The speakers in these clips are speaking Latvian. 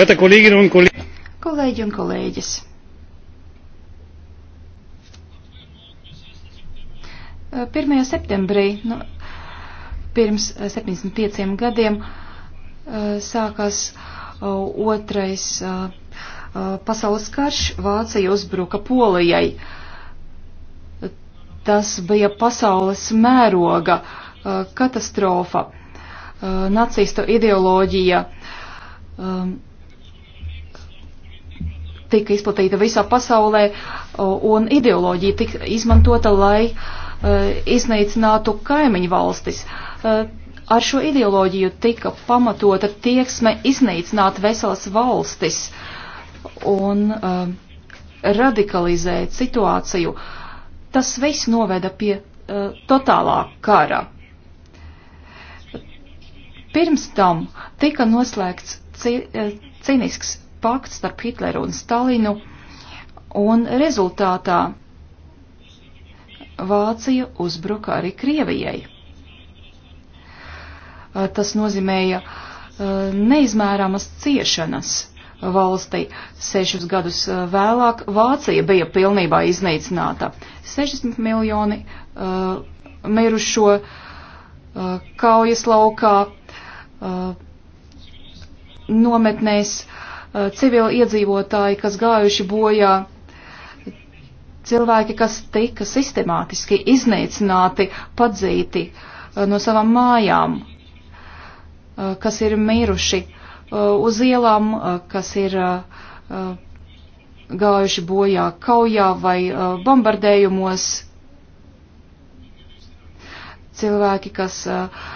Verehrte Kolleginnen und Kollegen. Kolēģi un kolēģis. Pirmajā septembrī, nu, pirms 75 eh, gadiem, eh, sākās eh, otrais pasaules karš, Vācija uzbruka Polijai. Tas bija pasaules mēroga katastrofa, nacistu ideoloģija. Um, tika izplatīta visā pasaulē, un ideoloģija tika izmantota, lai e, iznīcinātu kaimiņu valstis. E, ar šo ideoloģiju tika pamatota tieksme iznīcināt veselas valstis un e, radikalizēt situāciju. Tas viss noveda pie totālā kara. Pirms tam tika noslēgts cīnisks pakts starp Hitleru un Stalinu, un rezultātā Vācija uzbruka arī Krievijai. Tas nozīmēja neizmērāmas ciešanas valstī. Sešus gadus vēlāk Vācija bija pilnībā iznīcināta. 60 miljoni uh, mirušo uh, kaujas laukā, uh, nometnēs, uh, Uh, civili iedzīvotāji, kas gājuši bojā, cilvēki, kas tika sistemātiski iznīcināti, padzīti uh, no savām mājām, uh, kas ir miruši uz ielām, kas ir gājuši bojā kaujā vai bombardējumos. Cilvēki, kas uh,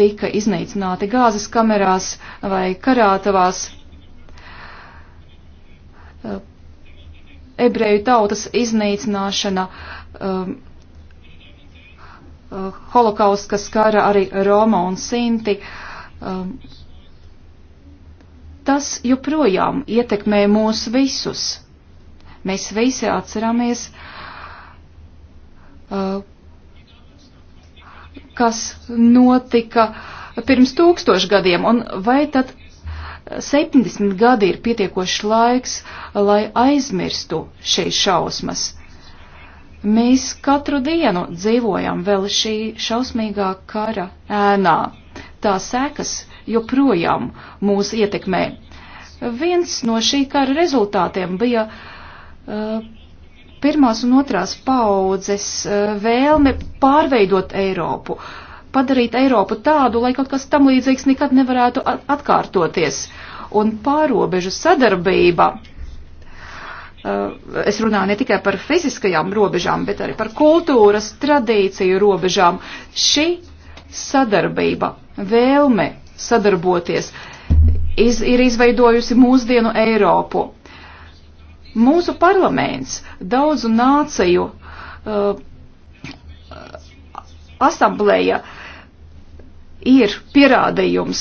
tika iznīcināti gāzes kamerās vai karātavās. Eh, ebreju tautas iznīcināšana, um, eh, eh, holokausts, kas skara arī Roma un Sinti, um, tas joprojām ietekmē mūs visus. Mēs visi atceramies, uh, kas notika pirms tūkstošu gadiem, un vai tad 70 gadi ir pietiekošs laiks, lai aizmirstu šīs šausmas? Mēs katru dienu dzīvojam vēl šī šausmīgā kara ēnā. Tā sekas joprojām mūs ietekmē. Viens no šī kara rezultātiem bija uh, pirmās un otrās paudzes eh, vēlme pārveidot Eiropu, padarīt Eiropu tādu, lai kaut kas tam līdzīgs nekad nevarētu atkārtoties. Un pārobežu sadarbība, eh, es runāju ne tikai par fiziskajām robežām, bet arī par kultūras tradīciju robežām, šī sadarbība, vēlme sadarboties iz, ir izveidojusi mūsdienu Eiropu Mūsu parlaments daudzu nāciju uh, asambleja ir pierādījums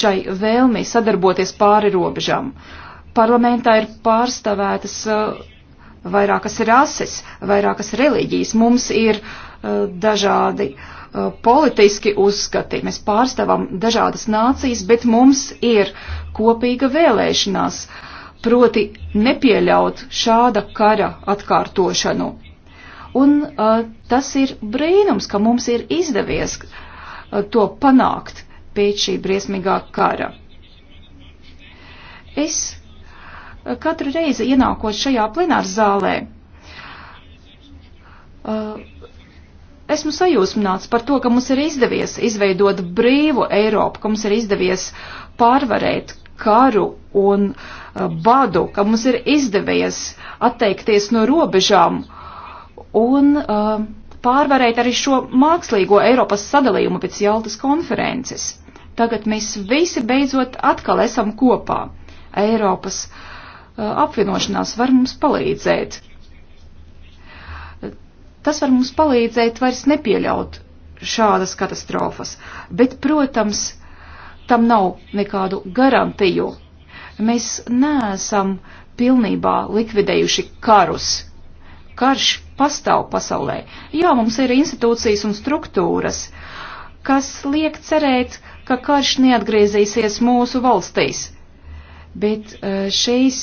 šai vēlmei sadarboties pāri robežām. Parlamentā ir pārstāvētas uh, vairākas rases, vairākas reliģijas, mums ir uh, dažādi uh, politiski uzskati, mēs pārstāvam dažādas nācijas, bet mums ir kopīga vēlēšanās uh, proti nepieļaut šāda kara atkārtošanu. Un uh, tas ir brīnums, ka mums ir izdevies uh, to panākt pēc šī briesmīgā kara. Es uh, katru reizi ienākot šajā plenārzālē, uh, esmu sajūsmināts par to, ka mums ir izdevies izveidot brīvu Eiropu, ka mums ir izdevies pārvarēt karu un uh, Uh, badu, ka mums ir izdevies atteikties no robežām un uh, pārvarēt arī šo mākslīgo Eiropas sadalījumu pēc Jaltas konferences. Tagad mēs visi beidzot atkal esam kopā. Eiropas uh, apvienošanās var mums palīdzēt. Tas var mums palīdzēt vairs nepieļaut šādas katastrofas, bet, protams, tam nav nekādu garantiju, Mēs neesam pilnībā likvidējuši karus. Karš pastāv pasaulē. Jā, mums ir institūcijas un struktūras, kas liek cerēt, ka karš neatgriezīsies mūsu valstīs. Bet eh, šīs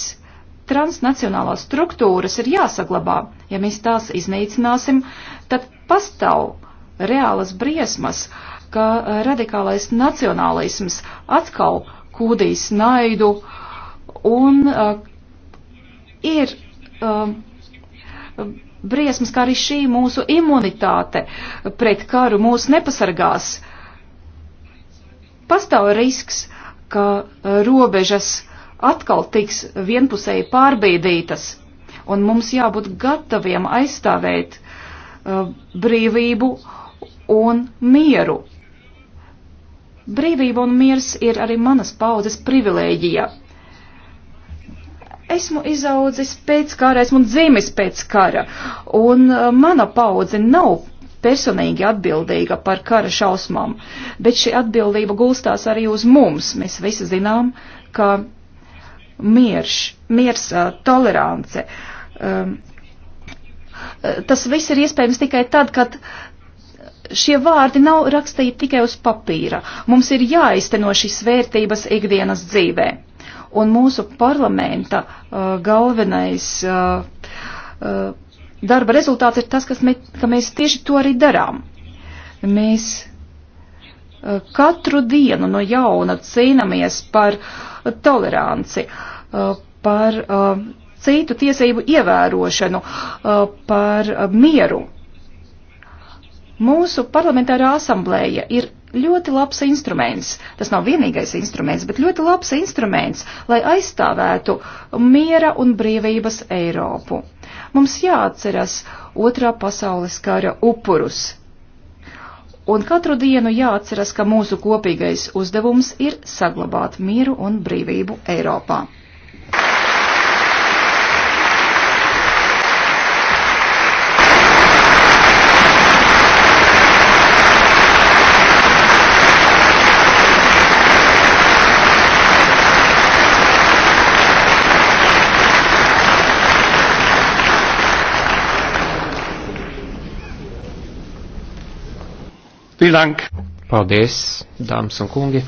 transnacionālās struktūras ir jāsaglabā. Ja mēs tās iznīcināsim, tad pastāv reālas briesmas, ka eh, radikālais nacionālisms atkal uh, kūdīs naidu un uh, ir uh, briesmas, kā arī šī mūsu imunitāte pret karu mūs nepasargās. Pastāv risks, ka uh, robežas atkal tiks vienpusēji pārbīdītas, un mums jābūt gataviem aizstāvēt uh, brīvību un mieru Brīvība un miers ir arī manas paudzes privilēģija. Esmu izaudzis pēc kara, esmu dzimis pēc kara, un uh, mana paudze nav personīgi atbildīga par kara šausmām, bet šī atbildība gulstās arī uz mums. Mēs visi zinām, ka mierš, miers, uh, tolerance, um, uh, tas viss ir iespējams tikai tad, kad Šie vārdi nav rakstīti tikai uz papīra. Mums ir jāizteno šīs vērtības ikdienas dzīvē. Un mūsu parlamenta uh, galvenais uh, uh, darba rezultāts ir tas, kas mē, ka mēs tieši to arī darām. Mēs uh, katru dienu no jauna cīnāmies par uh, toleranci, uh, par uh, citu tiesību ievērošanu, uh, par uh, mieru Mūsu parlamentārā asamblēja ir ļoti labs instruments. Tas nav vienīgais instruments, bet ļoti labs instruments, lai aizstāvētu miera un brīvības Eiropu. Mums jāatceras otrā pasaules kara upurus. Un katru dienu jāatceras, ka mūsu kopīgais uzdevums ir saglabāt mieru un brīvību Eiropā. Vilank. Paldies, dāmas un kungi.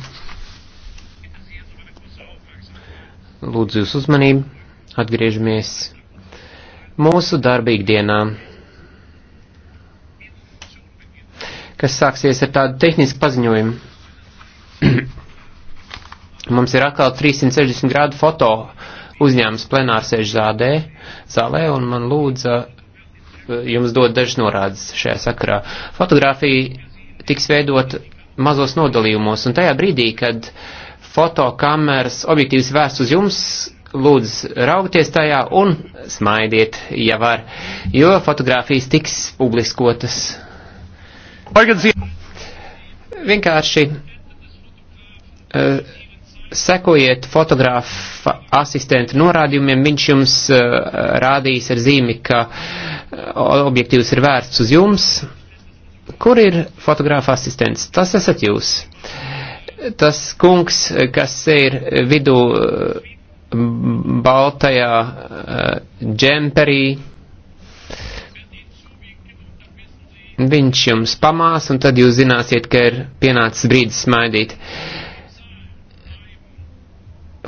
Lūdzu jūs uzmanību. Atgriežamies mūsu darbīgdienā, kas sāksies ar tādu tehnisku paziņojumu. Mums ir atkal 360 grādu foto uzņēmums plenārsēžu zādē, zālē, un man lūdza eh, jums dot dažas norādes šajā sakarā. Fotogrāfija tiks veidot mazos nodalījumos, un tajā brīdī, kad fotokameras objektīvs vērsts uz jums, lūdzu raugties tajā un smaidiet, ja var, jo fotogrāfijas tiks publiskotas. Vienkārši uh, sekojiet fotografa asistenta norādījumiem, viņš jums uh, rādīs ar zīmi, ka eh, objektīvs ir vērsts uz jums Kur ir fotogrāfa asistents? Tas esat jūs. Tas kungs, kas ir vidū baltajā eh, džemperī, viņš jums pamās, un tad jūs zināsiet, ka ir pienācis brīdis smaidīt.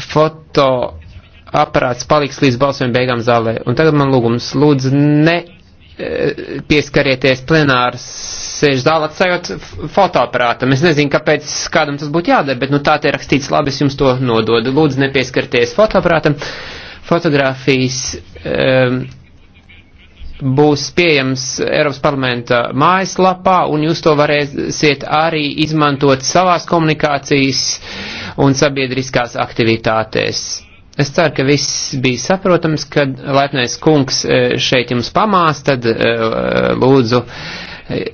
Foto aparāts paliks līdz balsojuma beigām zālē. Un tagad man lūgums, lūdzu, ne eh, pieskarieties plenāras sēž zālē atstājot fotoaparātu. Es nezinu, kāpēc kādam tas būtu jādara, bet nu, tā te ir rakstīts, labi, es jums to nododu. Lūdzu, nepieskarties fotoaparātam. Fotogrāfijas um, ehm, būs pieejams Eiropas parlamenta mājaslapā, un jūs to varēsiet arī izmantot savās komunikācijas un sabiedriskās aktivitātēs. Es ceru, ka viss bija saprotams, kad laipnais kungs eh, šeit jums pamās, tad eh, lūdzu. Eh,